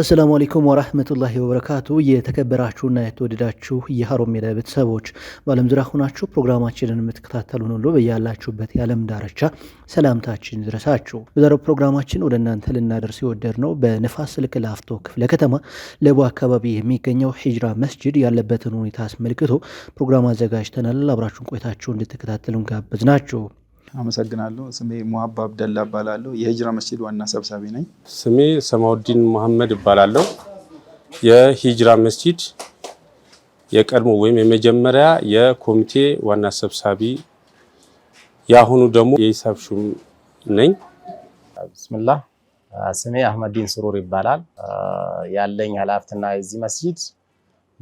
አሰላሙ አለይኩም ወራህመቱላሂ ወበረካቱ። የተከበራችሁና የተወደዳችሁ የሀሩን ሚዲያ ቤተሰቦች በዓለም ዙሪያ ሆናችሁ ፕሮግራማችንን የምትከታተሉን ሁሉ በያላችሁበት የዓለም ዳርቻ ሰላምታችን ይድረሳችሁ። በዛሬው ፕሮግራማችን ወደ እናንተ ልናደርስ የወደድ ነው በንፋስ ስልክ ላፍቶ ክፍለ ከተማ ለቡ አካባቢ የሚገኘው ሂጅራ መስጅድ ያለበትን ሁኔታ አስመልክቶ ፕሮግራም አዘጋጅተናል። አብራችሁን ቆይታችሁ እንድትከታተሉን ጋበዝ ናችሁ። አመሰግናለሁ። ስሜ ሙሀባ አብደላ እባላለሁ። የሂጅራ መስጂድ ዋና ሰብሳቢ ነኝ። ስሜ ሰማውዲን መሐመድ እባላለሁ። የሂጅራ መስጂድ የቀድሞ ወይም የመጀመሪያ የኮሚቴ ዋና ሰብሳቢ፣ የአሁኑ ደግሞ የሂሳብ ሹም ነኝ። ብስምላ ስሜ አህመዲን ስሩር ይባላል። ያለኝ ሀላፍትና የዚህ መስጂድ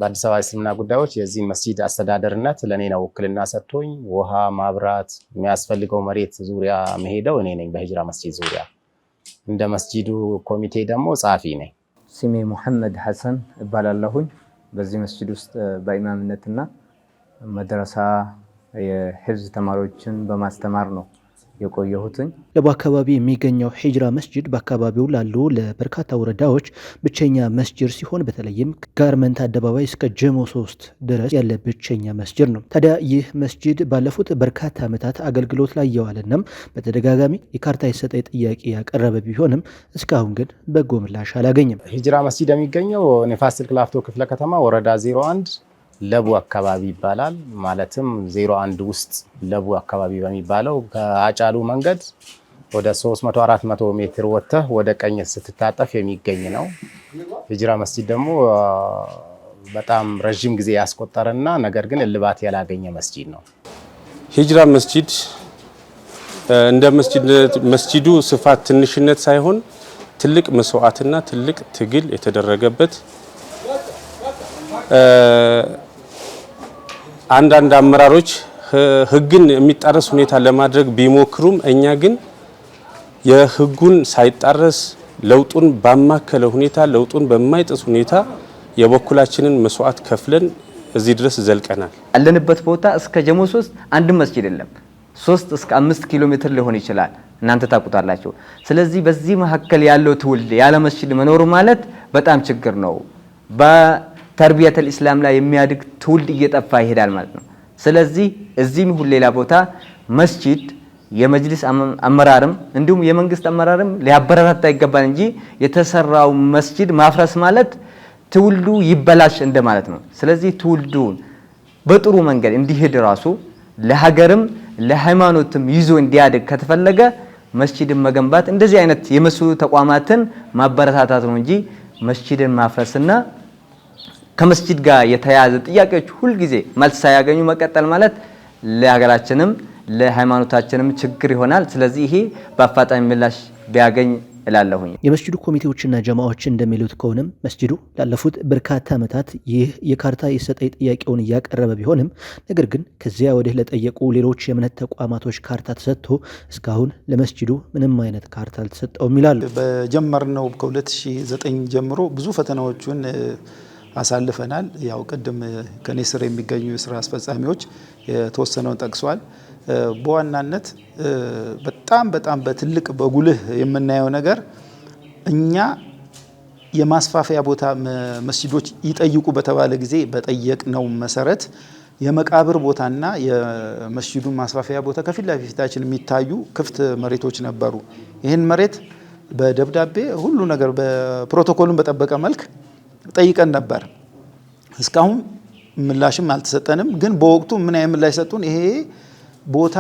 በአዲስ አበባ እስልምና ጉዳዮች የዚህ መስጂድ አስተዳደርነት ለእኔ ነው ውክልና ሰጥቶኝ ውሃ፣ ማብራት፣ የሚያስፈልገው መሬት ዙሪያ መሄደው እኔ ነኝ። በሂጅራ መስጂድ ዙሪያ እንደ መስጂዱ ኮሚቴ ደግሞ ጸሐፊ ነኝ። ስሜ ሙሐመድ ሐሰን እባላለሁኝ። በዚህ መስጂድ ውስጥ በኢማምነትና መድረሳ የህዝብ ተማሪዎችን በማስተማር ነው የቆየሁትኝ። በአካባቢ የሚገኘው ሂጅራ መስጅድ በአካባቢው ላሉ ለበርካታ ወረዳዎች ብቸኛ መስጅድ ሲሆን በተለይም ጋርመንት አደባባይ እስከ ጀሞ ሶስት ድረስ ያለ ብቸኛ መስጅድ ነው። ታዲያ ይህ መስጅድ ባለፉት በርካታ ዓመታት አገልግሎት ላይ የዋለናም በተደጋጋሚ የካርታ የሰጠ ጥያቄ ያቀረበ ቢሆንም እስካሁን ግን በጎ ምላሽ አላገኝም ሂጅራ መስጅድ የሚገኘው ንፋስ ስልክ ላፍቶ ክፍለ ከተማ ወረዳ 01 ለቡ አካባቢ ይባላል። ማለትም ዜሮ አንድ ውስጥ ለቡ አካባቢ በሚባለው ከአጫሉ መንገድ ወደ 3400 ሜትር ወጥተህ ወደ ቀኝ ስትታጠፍ የሚገኝ ነው። ሂጅራ መስጂድ ደግሞ በጣም ረዥም ጊዜ ያስቆጠረና ነገር ግን እልባት ያላገኘ መስጂድ ነው። ሂጅራ መስጂድ እንደ መስጂዱ ስፋት ትንሽነት ሳይሆን ትልቅ መስዋዕትና ትልቅ ትግል የተደረገበት አንዳንድ አመራሮች ህግን የሚጣረስ ሁኔታ ለማድረግ ቢሞክሩም እኛ ግን የህጉን ሳይጣረስ ለውጡን ባማከለ ሁኔታ ለውጡን በማይጥስ ሁኔታ የበኩላችንን መስዋዕት ከፍለን እዚህ ድረስ ዘልቀናል። ያለንበት ቦታ እስከ ጀሞ ሶስት አንድ መስጅድ የለም። ሶስት እስከ አምስት ኪሎ ሜትር ሊሆን ይችላል። እናንተ ታውቁታላችሁ። ስለዚህ በዚህ መካከል ያለው ትውልድ ያለ መስጂድ መኖሩ ማለት በጣም ችግር ነው። ተርቢየተል ኢስላም ላይ የሚያድግ ትውልድ እየጠፋ ይሄዳል ማለት ነው። ስለዚህ እዚህም ይሁን ሌላ ቦታ መስጂድ የመጅሊስ አመራርም እንዲሁም የመንግስት አመራርም ሊያበረታታ ይገባል እንጂ የተሰራው መስጂድ ማፍረስ ማለት ትውልዱ ይበላሽ እንደማለት ነው። ስለዚህ ትውልዱ በጥሩ መንገድ እንዲሄድ ራሱ ለሀገርም ለሃይማኖትም ይዞ እንዲያድግ ከተፈለገ መስጂድን መገንባት እንደዚህ አይነት የመሰሉ ተቋማትን ማበረታታት ነው እንጂ መስጂድን ማፍረስና ከመስጂድ ጋር የተያያዘ ጥያቄዎች ሁልጊዜ መልስ ሳያገኙ መቀጠል ማለት ለሀገራችንም ለሃይማኖታችንም ችግር ይሆናል። ስለዚህ ይሄ በአፋጣኝ ምላሽ ቢያገኝ እላለሁኝ። የመስጅዱ ኮሚቴዎችና ጀማዎች እንደሚሉት ከሆነም መስጅዱ ላለፉት በርካታ ዓመታት ይህ የካርታ ይሰጠኝ ጥያቄውን እያቀረበ ቢሆንም ነገር ግን ከዚያ ወዲህ ለጠየቁ ሌሎች የእምነት ተቋማቶች ካርታ ተሰጥቶ እስካሁን ለመስጅዱ ምንም አይነት ካርታ አልተሰጠውም ይላሉ። በጀመርነው ከ2009 ጀምሮ ብዙ ፈተናዎቹን አሳልፈናል። ያው ቅድም ከኔ ስር የሚገኙ የስራ አስፈጻሚዎች የተወሰነውን ጠቅሷል። በዋናነት በጣም በጣም በትልቅ በጉልህ የምናየው ነገር እኛ የማስፋፊያ ቦታ መስጂዶች ይጠይቁ በተባለ ጊዜ በጠየቅነው መሰረት የመቃብር ቦታና የመስጂዱን ማስፋፊያ ቦታ ከፊት ለፊታችን የሚታዩ ክፍት መሬቶች ነበሩ። ይህን መሬት በደብዳቤ ሁሉ ነገር በፕሮቶኮሉን በጠበቀ መልክ ጠይቀን ነበር። እስካሁን ምላሽም አልተሰጠንም። ግን በወቅቱ ምን አይነት ምላሽ ሰጡን? ይሄ ቦታ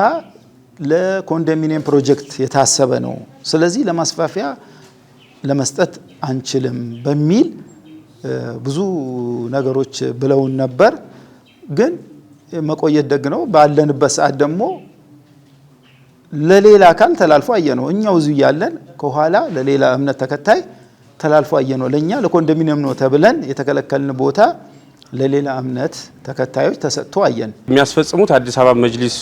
ለኮንዶሚኒየም ፕሮጀክት የታሰበ ነው፣ ስለዚህ ለማስፋፊያ ለመስጠት አንችልም በሚል ብዙ ነገሮች ብለውን ነበር። ግን መቆየት ደግ ነው። ባለንበት ሰዓት ደግሞ ለሌላ አካል ተላልፎ አየ ነው። እኛው እዚሁ እያለን ከኋላ ለሌላ እምነት ተከታይ ተላልፎ አየ ነው። ለእኛ ለኮንዶሚኒየም ነው ተብለን የተከለከልን ቦታ ለሌላ እምነት ተከታዮች ተሰጥቶ አየን። የሚያስፈጽሙት አዲስ አበባ መጅሊስ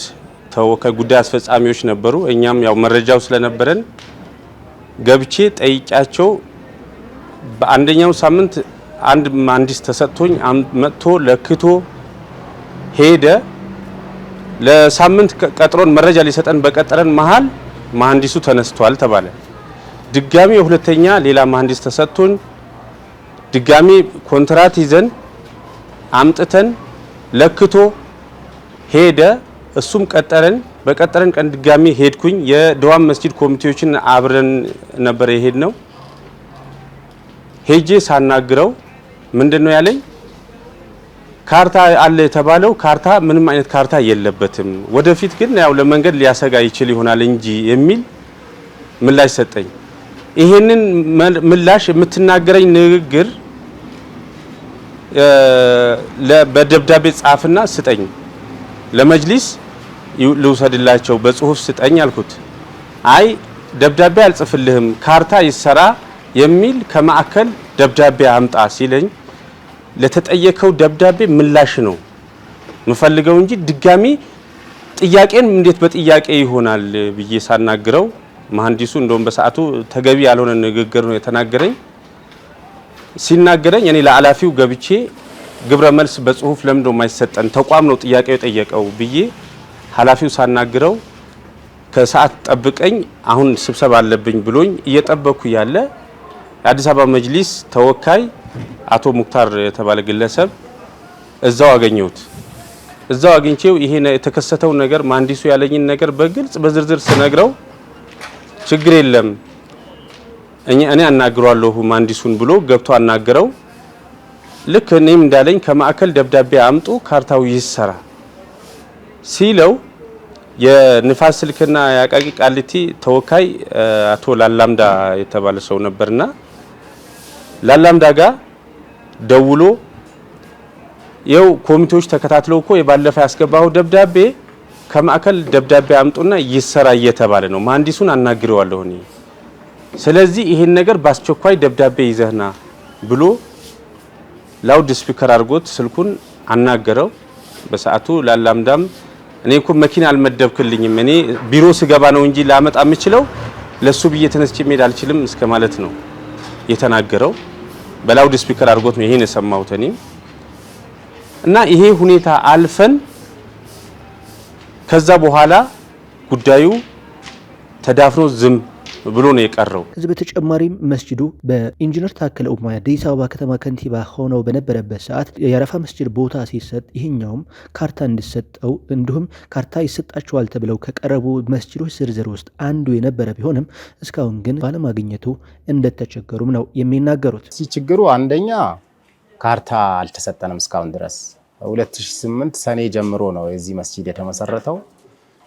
ተወካይ ጉዳይ አስፈጻሚዎች ነበሩ። እኛም ያው መረጃው ስለነበረን ገብቼ ጠይቂያቸው በአንደኛው ሳምንት አንድ መሀንዲስ ተሰጥቶኝ መጥቶ ለክቶ ሄደ። ለሳምንት ቀጥሮን መረጃ ሊሰጠን በቀጠረን መሀል መሀንዲሱ ተነስቷል ተባለ። ድጋሚ ሁለተኛ ሌላ መሀንዲስ ተሰጥቶን ድጋሚ ኮንትራት ይዘን አምጥተን ለክቶ ሄደ። እሱም ቀጠረን። በቀጠረን ቀን ድጋሚ ሄድኩኝ። የደዋም መስጂድ ኮሚቴዎችን አብረን ነበር የሄድ ነው። ሄጄ ሳናግረው ምንድን ነው ያለኝ ካርታ አለ የተባለው ካርታ ምንም አይነት ካርታ የለበትም፣ ወደፊት ግን ያው ለመንገድ ሊያሰጋ ይችል ይሆናል እንጂ የሚል ምላሽ ሰጠኝ። ይሄንን ምላሽ የምትናገረኝ ንግግር በደብዳቤ ጻፍና ስጠኝ፣ ለመጅሊስ ልውሰድላቸው፣ በጽሁፍ ስጠኝ አልኩት። አይ ደብዳቤ አልጽፍልህም፣ ካርታ ይሰራ የሚል ከማዕከል ደብዳቤ አምጣ ሲለኝ ለተጠየቀው ደብዳቤ ምላሽ ነው ምፈልገው እንጂ ድጋሚ ጥያቄን እንዴት በጥያቄ ይሆናል ብዬ ሳናግረው መሐንዲሱ እንደውም በሰዓቱ ተገቢ ያልሆነ ንግግር ነው የተናገረኝ። ሲናገረኝ እኔ ለአላፊው ገብቼ ግብረ መልስ በጽሁፍ ለምንድነው የማይሰጠን ተቋም ነው ጥያቄው የጠየቀው ብዬ ኃላፊው ሳናግረው ከሰዓት ጠብቀኝ አሁን ስብሰባ አለብኝ ብሎኝ እየጠበኩ ያለ የአዲስ አበባ መጅሊስ ተወካይ አቶ ሙክታር የተባለ ግለሰብ እዛው አገኘሁት። እዛው አግኝቼው ይሄ የተከሰተው ነገር መሀንዲሱ ያለኝን ነገር በግልጽ በዝርዝር ስነግረው ችግር የለም እኔ አናግሯለሁ መሀንዲሱን ብሎ ገብቶ አናግረው ልክ እኔም እንዳለኝ ከማዕከል ደብዳቤ አምጡ ካርታው ይሰራ ሲለው የንፋስ ስልክና የአቃቂ ቃሊቲ ተወካይ አቶ ላላምዳ የተባለ ሰው ነበርና ላላምዳ ጋር ደውሎ የው ኮሚቴዎች ተከታትለው እኮ የባለፈ ያስገባው ደብዳቤ ከማዕከል ደብዳቤ አምጡና ይሰራ እየተባለ ነው። መሀንዲሱን አናግሬዋለሁ እኔ። ስለዚህ ይሄን ነገር በአስቸኳይ ደብዳቤ ይዘህና ብሎ ላውድ ስፒከር አድርጎት ስልኩን አናገረው። በሰዓቱ ላላምዳም እኔ እኮ መኪና አልመደብክልኝም፣ እኔ ቢሮ ስገባ ነው እንጂ ላመጣ የምችለው ለሱ ብዬ ተነስቼ መሄድ አልችልም እስከ ማለት ነው የተናገረው። በላውድ ስፒከር አድርጎት ነው ይሄን የሰማሁት እኔ እና ይሄ ሁኔታ አልፈን ከዛ በኋላ ጉዳዩ ተዳፍኖ ዝም ብሎ ነው የቀረው። ከዚህ በተጨማሪም መስጅዱ በኢንጂነር ታከለ ኡማ የአዲስ አበባ ከተማ ከንቲባ ሆነው በነበረበት ሰዓት የአረፋ መስጅድ ቦታ ሲሰጥ ይህኛውም ካርታ እንዲሰጠው እንዲሁም ካርታ ይሰጣቸዋል ተብለው ከቀረቡ መስጅዶች ዝርዝር ውስጥ አንዱ የነበረ ቢሆንም እስካሁን ግን ባለማግኘቱ እንደተቸገሩም ነው የሚናገሩት። ሲችግሩ አንደኛ ካርታ አልተሰጠንም እስካሁን ድረስ 2008 ሰኔ ጀምሮ ነው የዚህ መስጂድ የተመሰረተው።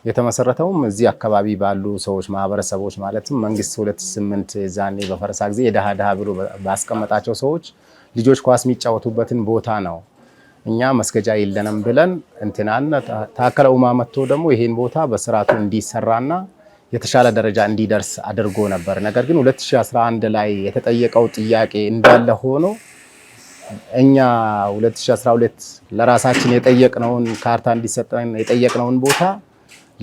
የተመሰረተውም እዚህ አካባቢ ባሉ ሰዎች ማህበረሰቦች፣ ማለትም መንግስት 2008 ዛኔ በፈረሳ ጊዜ የድሃ ድሃ ብሎ ባስቀመጣቸው ሰዎች ልጆች ኳስ የሚጫወቱበትን ቦታ ነው። እኛ መስገጃ የለንም ብለን እንትናና ታከለ ኡማ መጥቶ ደግሞ ይሄን ቦታ በስርዓቱ እንዲሰራና የተሻለ ደረጃ እንዲደርስ አድርጎ ነበር። ነገር ግን 2011 ላይ የተጠየቀው ጥያቄ እንዳለ ሆኖ እኛ 2012 ለራሳችን የጠየቅነውን ካርታ እንዲሰጠን የጠየቅነውን ቦታ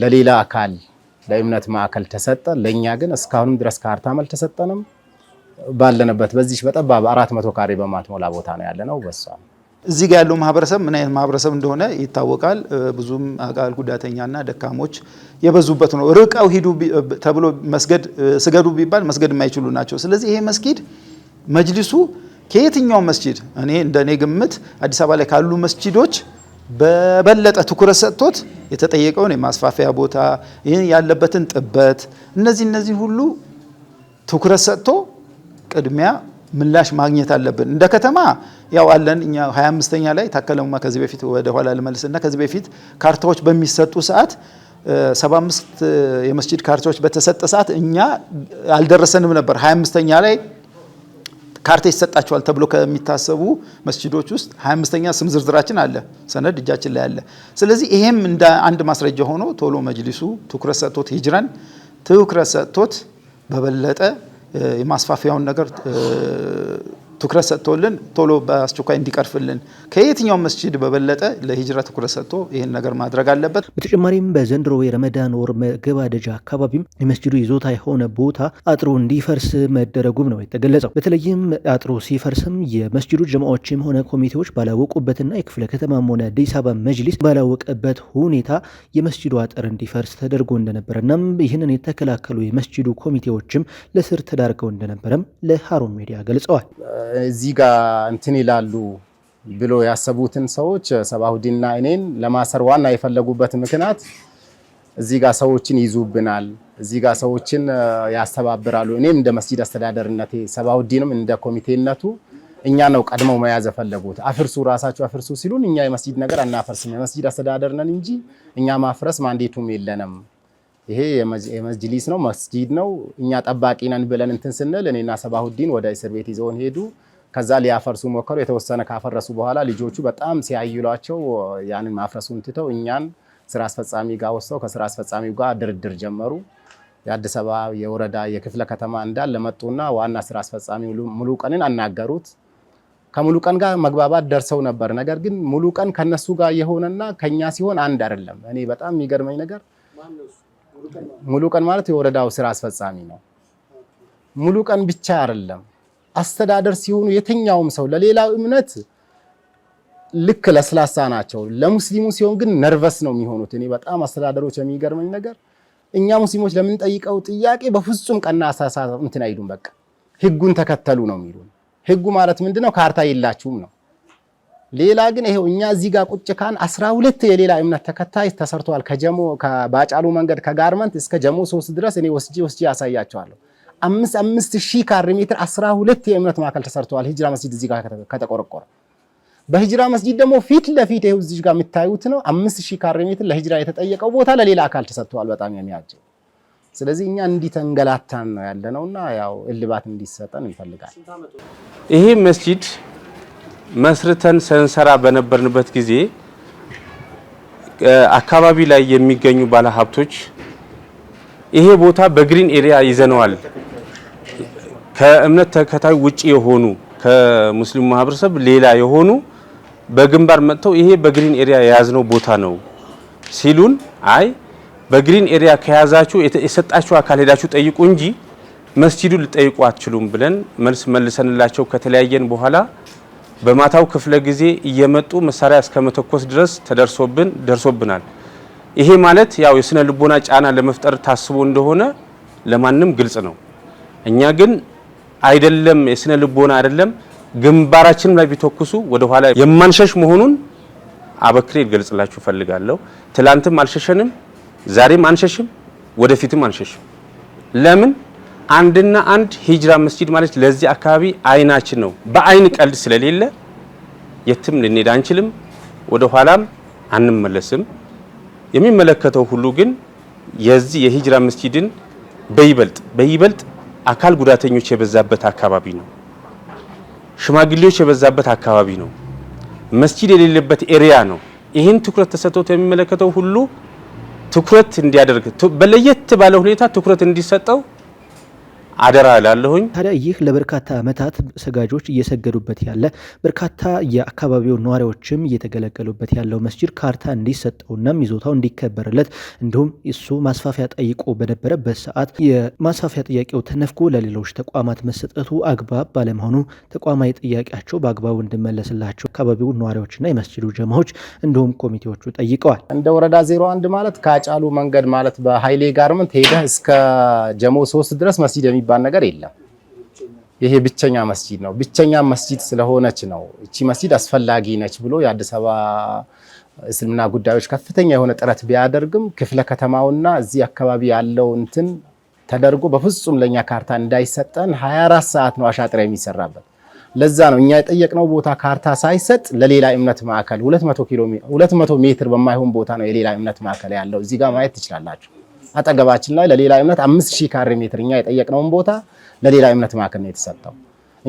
ለሌላ አካል ለእምነት ማዕከል ተሰጠ። ለእኛ ግን እስካሁንም ድረስ ካርታም አልተሰጠንም። ባለንበት በዚህ በጠባብ አራት መቶ ካሬ በማትሞላ ቦታ ነው ያለነው። በሷ እዚህ ጋር ያለው ማህበረሰብ ምን አይነት ማህበረሰብ እንደሆነ ይታወቃል። ብዙም አካል ጉዳተኛና ደካሞች የበዙበት ነው። ርቀው ሂዱ ተብሎ መስገድ ስገዱ ቢባል መስገድ የማይችሉ ናቸው። ስለዚህ ይሄ መስጊድ መጅሊሱ ከየትኛው መስጂድ እኔ እንደ እኔ ግምት አዲስ አበባ ላይ ካሉ መስጂዶች በበለጠ ትኩረት ሰጥቶት የተጠየቀውን የማስፋፊያ ቦታ ያለበትን ጥበት እነዚህ እነዚህ ሁሉ ትኩረት ሰጥቶ ቅድሚያ ምላሽ ማግኘት አለብን። እንደ ከተማ ያው አለን እኛ 25ኛ ላይ ታከለሙማ ከዚህ በፊት ወደ ኋላ እና ከዚህ በፊት ካርታዎች በሚሰጡ ሰዓት 75 የመስጂድ ካርታዎች በተሰጠ ሰዓት እኛ አልደረሰንም ነበር 25ኛ ላይ ካርታ ይሰጣቸዋል ተብሎ ከሚታሰቡ መስጅዶች ውስጥ 25ኛ ስም ዝርዝራችን አለ፣ ሰነድ እጃችን ላይ አለ። ስለዚህ ይሄም እንደ አንድ ማስረጃ ሆኖ ቶሎ መጅሊሱ ትኩረት ሰጥቶት ሂጅራን ትኩረት ሰጥቶት በበለጠ የማስፋፊያውን ነገር ትኩረት ሰጥቶልን ቶሎ በአስቸኳይ እንዲቀርፍልን ከየትኛው መስጅድ በበለጠ ለሂጅራ ትኩረት ሰጥቶ ይህን ነገር ማድረግ አለበት። በተጨማሪም በዘንድሮ የረመዳን ወር መገባደጃ አካባቢም የመስጅዱ ይዞታ የሆነ ቦታ አጥሩ እንዲፈርስ መደረጉም ነው የተገለጸው። በተለይም አጥሩ ሲፈርስም የመስጅዱ ጀማዎችም ሆነ ኮሚቴዎች ባላወቁበትና የክፍለ ከተማም ሆነ አዲስ አበባ መጅሊስ ባላወቀበት ሁኔታ የመስጅዱ አጥር እንዲፈርስ ተደርጎ እንደነበረ እናም ይህንን የተከላከሉ የመስጅዱ ኮሚቴዎችም ለስር ተዳርገው እንደነበረም ለሀሩን ሚዲያ ገልጸዋል። እዚህ ጋር እንትን ይላሉ ብሎ ያሰቡትን ሰዎች ሰባሁዲንና እኔን ለማሰር ዋና የፈለጉበት ምክንያት እዚህ ጋር ሰዎችን ይዙብናል፣ እዚህ ጋር ሰዎችን ያስተባብራሉ። እኔም እንደ መስጂድ አስተዳደርነቴ ሰባሁዲንም እንደ ኮሚቴነቱ እኛ ነው ቀድመው መያዝ የፈለጉት። አፍርሱ ራሳችሁ አፍርሱ ሲሉን እኛ የመስጂድ ነገር አናፈርስም፣ የመስጂድ አስተዳደር ነን እንጂ እኛ ማፍረስ ማንዴቱም የለንም ይሄ የመጅሊስ ነው፣ መስጂድ ነው። እኛ ጠባቂ ነን ብለን እንትን ስንል እኔና ሰባሁዲን ወደ እስር ቤት ይዘውን ሄዱ። ከዛ ሊያፈርሱ ሞከሩ። የተወሰነ ካፈረሱ በኋላ ልጆቹ በጣም ሲያይሏቸው ያንን ማፍረሱን ትተው እኛን ስራ አስፈጻሚ ጋር ወስደው ከስራ አስፈጻሚው ጋር ድርድር ጀመሩ። የአዲስ አበባ የወረዳ የክፍለ ከተማ እንዳለ መጡና ዋና ስራ አስፈጻሚ ሙሉ ቀንን አናገሩት። ከሙሉ ቀን ጋር መግባባት ደርሰው ነበር። ነገር ግን ሙሉ ቀን ከነሱ ጋር የሆነና ከኛ ሲሆን አንድ አይደለም። እኔ በጣም የሚገርመኝ ነገር ሙሉ ቀን ማለት የወረዳው ስራ አስፈጻሚ ነው። ሙሉ ቀን ብቻ አይደለም አስተዳደር ሲሆኑ የትኛውም ሰው ለሌላው እምነት ልክ ለስላሳ ናቸው። ለሙስሊሙ ሲሆን ግን ነርቨስ ነው የሚሆኑት። እኔ በጣም አስተዳደሮች የሚገርመኝ ነገር እኛ ሙስሊሞች ለምንጠይቀው ጥያቄ በፍጹም ቀና አሳሳ እንትን አይሉም። በቃ ህጉን ተከተሉ ነው የሚሉን። ህጉ ማለት ምንድነው? ካርታ የላችሁም ነው ሌላ ግን ይሄው እኛ እዚህ ጋር ቁጭ ካን አስራ ሁለት የሌላ እምነት ተከታይ ተሰርተዋል። ከጀሞ ከባጫሉ መንገድ ከጋርመንት እስከ ጀሞ ሶስት ድረስ እኔ ወስጄ ወስጄ ያሳያቸዋለሁ። አምስት አምስት ሺህ ካሬ ሜትር አስራ ሁለት የእምነት ማዕከል ተሰርተዋል። ሂጅራ መስጂድ እዚህ ጋር ከተቆረቆረ በሂጅራ መስጂድ ደግሞ ፊት ለፊት ይሄው እዚህ ጋር የምታዩት ነው። አምስት ሺህ ካሬ ሜትር ለሂጅራ የተጠየቀው ቦታ ለሌላ አካል ተሰጥተዋል። በጣም የሚያጅብ ስለዚህ እኛ ተንገላታን ነው ያለነውና ያው እልባት እንዲሰጠን እንፈልጋለን። ይሄ መስጂድ መስርተን ስንሰራ በነበርንበት ጊዜ አካባቢ ላይ የሚገኙ ባለሀብቶች ይሄ ቦታ በግሪን ኤሪያ ይዘነዋል፣ ከእምነት ተከታዩ ውጭ የሆኑ ከሙስሊሙ ማህበረሰብ ሌላ የሆኑ በግንባር መጥተው ይሄ በግሪን ኤሪያ የያዝነው ቦታ ነው ሲሉን፣ አይ በግሪን ኤሪያ ከያዛችሁ የሰጣችሁ አካል ሄዳችሁ ጠይቁ እንጂ መስጂዱን ልጠይቁ አትችሉም ብለን መልስ መልሰንላቸው ከተለያየን በኋላ በማታው ክፍለ ጊዜ እየመጡ መሳሪያ እስከ መተኮስ ድረስ ተደርሶብን ደርሶብናል። ይሄ ማለት ያው የስነ ልቦና ጫና ለመፍጠር ታስቦ እንደሆነ ለማንም ግልጽ ነው። እኛ ግን አይደለም የስነ ልቦና አይደለም ግንባራችን ላይ ቢተኩሱ ወደኋላ የማንሸሽ መሆኑን አበክሬ ልገልጽላችሁ እፈልጋለሁ። ትላንትም አልሸሸንም፣ ዛሬም አንሸሽም፣ ወደፊትም አንሸሽም። ለምን አንድና አንድ ሂጅራ መስጂድ ማለት ለዚህ አካባቢ አይናችን ነው። በአይን ቀልድ ስለሌለ የትም ልንሄድ አንችልም፣ ወደ ኋላም አንመለስም። የሚመለከተው ሁሉ ግን የዚህ የሂጅራ መስጂድን በይበልጥ በይበልጥ አካል ጉዳተኞች የበዛበት አካባቢ ነው። ሽማግሌዎች የበዛበት አካባቢ ነው። መስጂድ የሌለበት ኤሪያ ነው። ይህን ትኩረት ተሰጥቶት የሚመለከተው ሁሉ ትኩረት እንዲያደርግ በለየት ባለ ሁኔታ ትኩረት እንዲሰጠው አደራ ላለሁኝ። ታዲያ ይህ ለበርካታ ዓመታት ሰጋጆች እየሰገዱበት ያለ በርካታ የአካባቢው ነዋሪዎችም እየተገለገሉበት ያለው መስጅድ ካርታ እንዲሰጠውና ይዞታው እንዲከበርለት እንዲሁም እሱ ማስፋፊያ ጠይቆ በነበረበት ሰዓት የማስፋፊያ ጥያቄው ተነፍጎ ለሌሎች ተቋማት መሰጠቱ አግባብ ባለመሆኑ ተቋማዊ ጥያቄያቸው በአግባቡ እንድመለስላቸው አካባቢው ነዋሪዎችና የመስጅዱ ጀማዎች እንዲሁም ኮሚቴዎቹ ጠይቀዋል። እንደ ወረዳ ዜሮ አንድ ማለት ከአጫሉ መንገድ ማለት በሀይሌ ጋርመንት ሄደህ እስከ ጀሞ ሶስት ድረስ መስጂድ የሚ የሚባል ነገር የለም። ይሄ ብቸኛ መስጂድ ነው። ብቸኛ መስጂድ ስለሆነች ነው እቺ መስጂድ አስፈላጊ ነች ብሎ የአዲስ አበባ እስልምና ጉዳዮች ከፍተኛ የሆነ ጥረት ቢያደርግም ክፍለ ከተማውና እዚህ አካባቢ ያለው እንትን ተደርጎ በፍጹም ለእኛ ካርታ እንዳይሰጠን 24 ሰዓት ነው አሻጥር የሚሰራበት። ለዛ ነው እኛ የጠየቅነው ቦታ ካርታ ሳይሰጥ ለሌላ እምነት ማዕከል 200 ሜትር በማይሆን ቦታ ነው የሌላ እምነት ማዕከል ያለው። እዚህ ጋር ማየት ትችላላችሁ። አጠገባችን ላይ ለሌላ እምነት 5000 ካሬ ሜትር እኛ የጠየቅነውን ቦታ ለሌላ እምነት ማዕከል ነው የተሰጠው።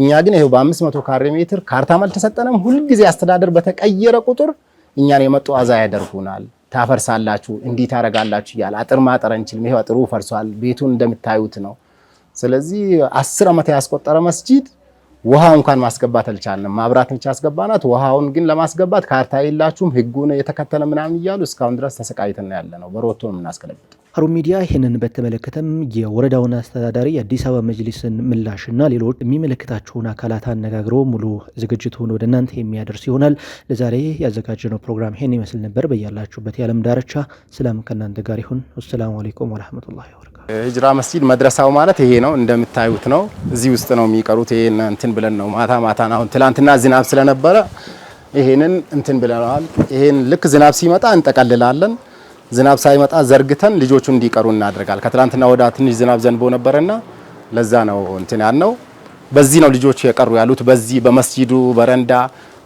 እኛ ግን ይሄው በ500 ካሬ ሜትር ካርታም አልተሰጠንም። ሁልጊዜ አስተዳደር በተቀየረ ቁጥር እኛን የመጡ አዛ ያደርጉናል። ታፈርሳላችሁ፣ እንዲህ ታደርጋላችሁ እያለ አጥር ማጠር እንችልም። ይሄው አጥሩ ፈርሷል። ቤቱን እንደምታዩት ነው። ስለዚህ አስር ዓመት ያስቆጠረ መስጂድ ውሃ እንኳን ማስገባት አልቻልንም። ማብራት ብቻ አስገባናት። ውሃውን ግን ለማስገባት ካርታ የላችሁም፣ ህጉን የተከተለ ምናምን እያሉ እስካሁን ድረስ ተሰቃይተን ያለ ነው። በሮቶ የምናስገለብጠው። ሀሩን ሚዲያ ይህንን በተመለከተም የወረዳውን አስተዳዳሪ የአዲስ አበባ መጅሊስን ምላሽና ሌሎች የሚመለከታቸውን አካላት አነጋግሮ ሙሉ ዝግጅቱን ወደ እናንተ የሚያደርስ ይሆናል። ለዛሬ ያዘጋጀነው ፕሮግራም ይህን ይመስል ነበር። በያላችሁበት የዓለም ዳርቻ ሰላም ከእናንተ ጋር ይሁን። ወሰላሙ አሌይኩም ወረህመቱላሂ ወበረካቱ። ሂጅራ መስጂድ መድረሳው ማለት ይሄ ነው፣ እንደምታዩት ነው። እዚህ ውስጥ ነው የሚቀሩት። ይሄን እንትን ብለን ነው ማታ ማታ አሁን ትላንትና ዝናብ ስለነበረ ይሄንን እንትን ብለናል። ይሄን ልክ ዝናብ ሲመጣ እንጠቀልላለን። ዝናብ ሳይመጣ ዘርግተን ልጆቹ እንዲቀሩ እናደርጋል። ከትላንትና ወዳ ትንሽ ዝናብ ዘንቦ ነበረና ለዛ ነው እንትን ያልነው። በዚህ ነው ልጆቹ የቀሩ ያሉት፣ በዚህ በመስጂዱ በረንዳ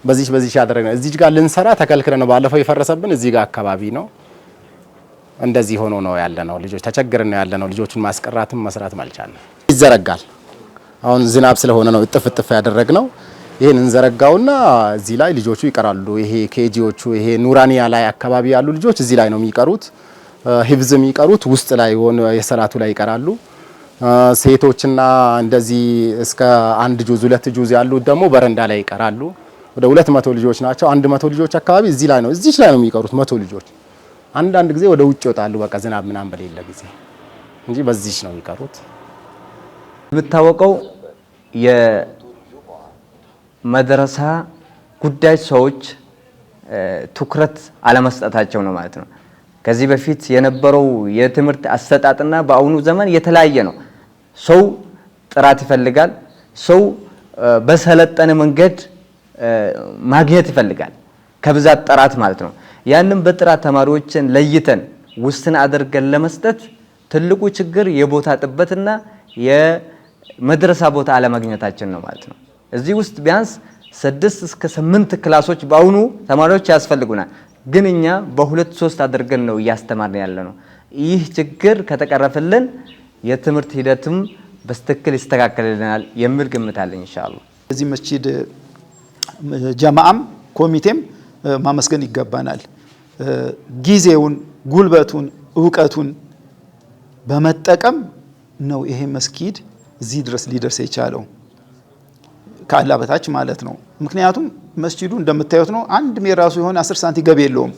በዚህ በዚህ ያደረግ ነው። እዚህ ጋር ልንሰራ ተከልክለ ነው ባለፈው የፈረሰብን እዚህ ጋር አካባቢ ነው። እንደዚህ ሆኖ ነው ያለ ነው። ልጆች ተቸግረን ነው ያለ ነው። ልጆቹን ማስቀራትም መስራትም አልቻልንም። ይዘረጋል። አሁን ዝናብ ስለሆነ ነው እጥፍ እጥፍ ነው። ይህን እንዘረጋውና እዚህ ላይ ልጆቹ ይቀራሉ። ይሄ ኬጂዎቹ ይሄ ኑራኒያ ላይ አካባቢ ያሉ ልጆች እዚህ ላይ ነው የሚቀሩት። ሂብዝ የሚቀሩት ውስጥ ላይ ሆነ የሰላቱ ላይ ይቀራሉ። ሴቶችና እንደዚህ እስከ አንድ ጁዝ ሁለት ጁዝ ያሉት ደግሞ በረንዳ ላይ ይቀራሉ። ወደ ሁለት መቶ ልጆች ናቸው። አንድ መቶ ልጆች አካባቢ እዚህ ላይ ነው እዚች ላይ ነው የሚቀሩት መቶ ልጆች። አንዳንድ ጊዜ ወደ ውጭ ይወጣሉ፣ በቃ ዝናብ ምናምን በሌለ ጊዜ እንጂ በዚች ነው የሚቀሩት የምታወቀው መድረሳ ጉዳይ ሰዎች ትኩረት አለመስጠታቸው ነው ማለት ነው። ከዚህ በፊት የነበረው የትምህርት አሰጣጥና በአሁኑ ዘመን የተለያየ ነው። ሰው ጥራት ይፈልጋል። ሰው በሰለጠነ መንገድ ማግኘት ይፈልጋል። ከብዛት ጥራት ማለት ነው። ያንም በጥራት ተማሪዎችን ለይተን ውስን አድርገን ለመስጠት ትልቁ ችግር የቦታ ጥበትና የመድረሳ ቦታ አለማግኘታችን ነው ማለት ነው። እዚህ ውስጥ ቢያንስ ስድስት እስከ ስምንት ክላሶች በአሁኑ ተማሪዎች ያስፈልጉናል። ግን እኛ በሁለት ሶስት አድርገን ነው እያስተማርን ያለ ነው። ይህ ችግር ከተቀረፈልን የትምህርት ሂደትም በስትክክል ይስተካከልልናል የሚል ግምት አለኝ። ኢንሻአላ እዚህ መስጂድ ጀማአም ኮሚቴም ማመስገን ይገባናል። ጊዜውን፣ ጉልበቱን፣ እውቀቱን በመጠቀም ነው ይሄ መስጊድ እዚህ ድረስ ሊደርስ የቻለው። ከአላ በታች ማለት ነው። ምክንያቱም መስጂዱ እንደምታዩት ነው። አንድም የራሱ የሆነ አስር ሳንቲ ገቢ የለውም።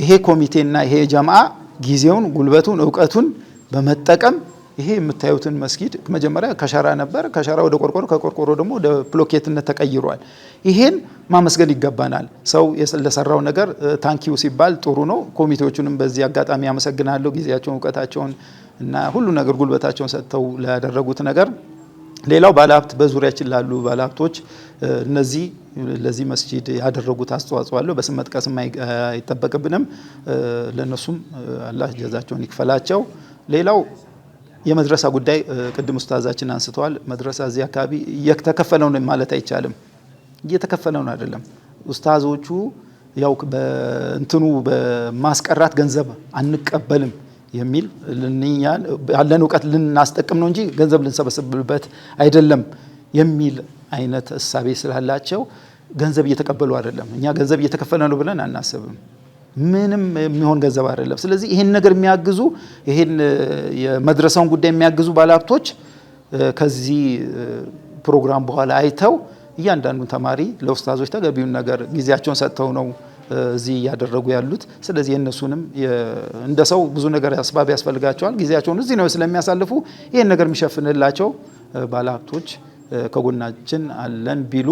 ይሄ ኮሚቴና ይሄ ጀማአ ጊዜውን፣ ጉልበቱን፣ እውቀቱን በመጠቀም ይሄ የምታዩትን መስጊድ መጀመሪያ ከሸራ ነበር። ከሸራ ወደ ቆርቆሮ፣ ከቆርቆሮ ደግሞ ወደ ብሎኬትነት ተቀይሯል። ይሄን ማመስገን ይገባናል። ሰው ለሰራው ነገር ታንኪው ሲባል ጥሩ ነው። ኮሚቴዎቹንም በዚህ አጋጣሚ ያመሰግናለሁ። ጊዜያቸውን፣ እውቀታቸውን እና ሁሉ ነገር ጉልበታቸውን ሰጥተው ላደረጉት ነገር ሌላው ባለሀብት በዙሪያችን ላሉ ባለሀብቶች እነዚህ ለዚህ መስጂድ ያደረጉት አስተዋጽኦ አለው። በስም መጥቀስ አይጠበቅብንም። ለእነሱም አላህ ጀዛቸውን ይክፈላቸው። ሌላው የመድረሳ ጉዳይ ቅድም ኡስታዛችን አንስተዋል። መድረሳ እዚህ አካባቢ እየተከፈለው ነው ማለት አይቻልም። እየተከፈለው ነው አይደለም። ኡስታዞቹ ያው በእንትኑ በማስቀራት ገንዘብ አንቀበልም የሚል ያለን እውቀት ልናስጠቅም ነው እንጂ ገንዘብ ልንሰበስብበት አይደለም የሚል አይነት እሳቤ ስላላቸው ገንዘብ እየተቀበሉ አይደለም። እኛ ገንዘብ እየተከፈለ ነው ብለን አናስብም። ምንም የሚሆን ገንዘብ አይደለም። ስለዚህ ይህን ነገር የሚያግዙ ይህን የመድረሰውን ጉዳይ የሚያግዙ ባለሀብቶች ከዚህ ፕሮግራም በኋላ አይተው እያንዳንዱን ተማሪ ለውስታዞች ተገቢውን ነገር ጊዜያቸውን ሰጥተው ነው እዚህ እያደረጉ ያሉት። ስለዚህ የእነሱንም እንደ ሰው ብዙ ነገር አስባብ ያስፈልጋቸዋል። ጊዜያቸውን እዚህ ነው ስለሚያሳልፉ ይህን ነገር የሚሸፍንላቸው ባለሀብቶች ከጎናችን አለን ቢሉ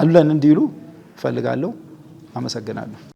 አለን እንዲሉ እፈልጋለሁ። አመሰግናለሁ።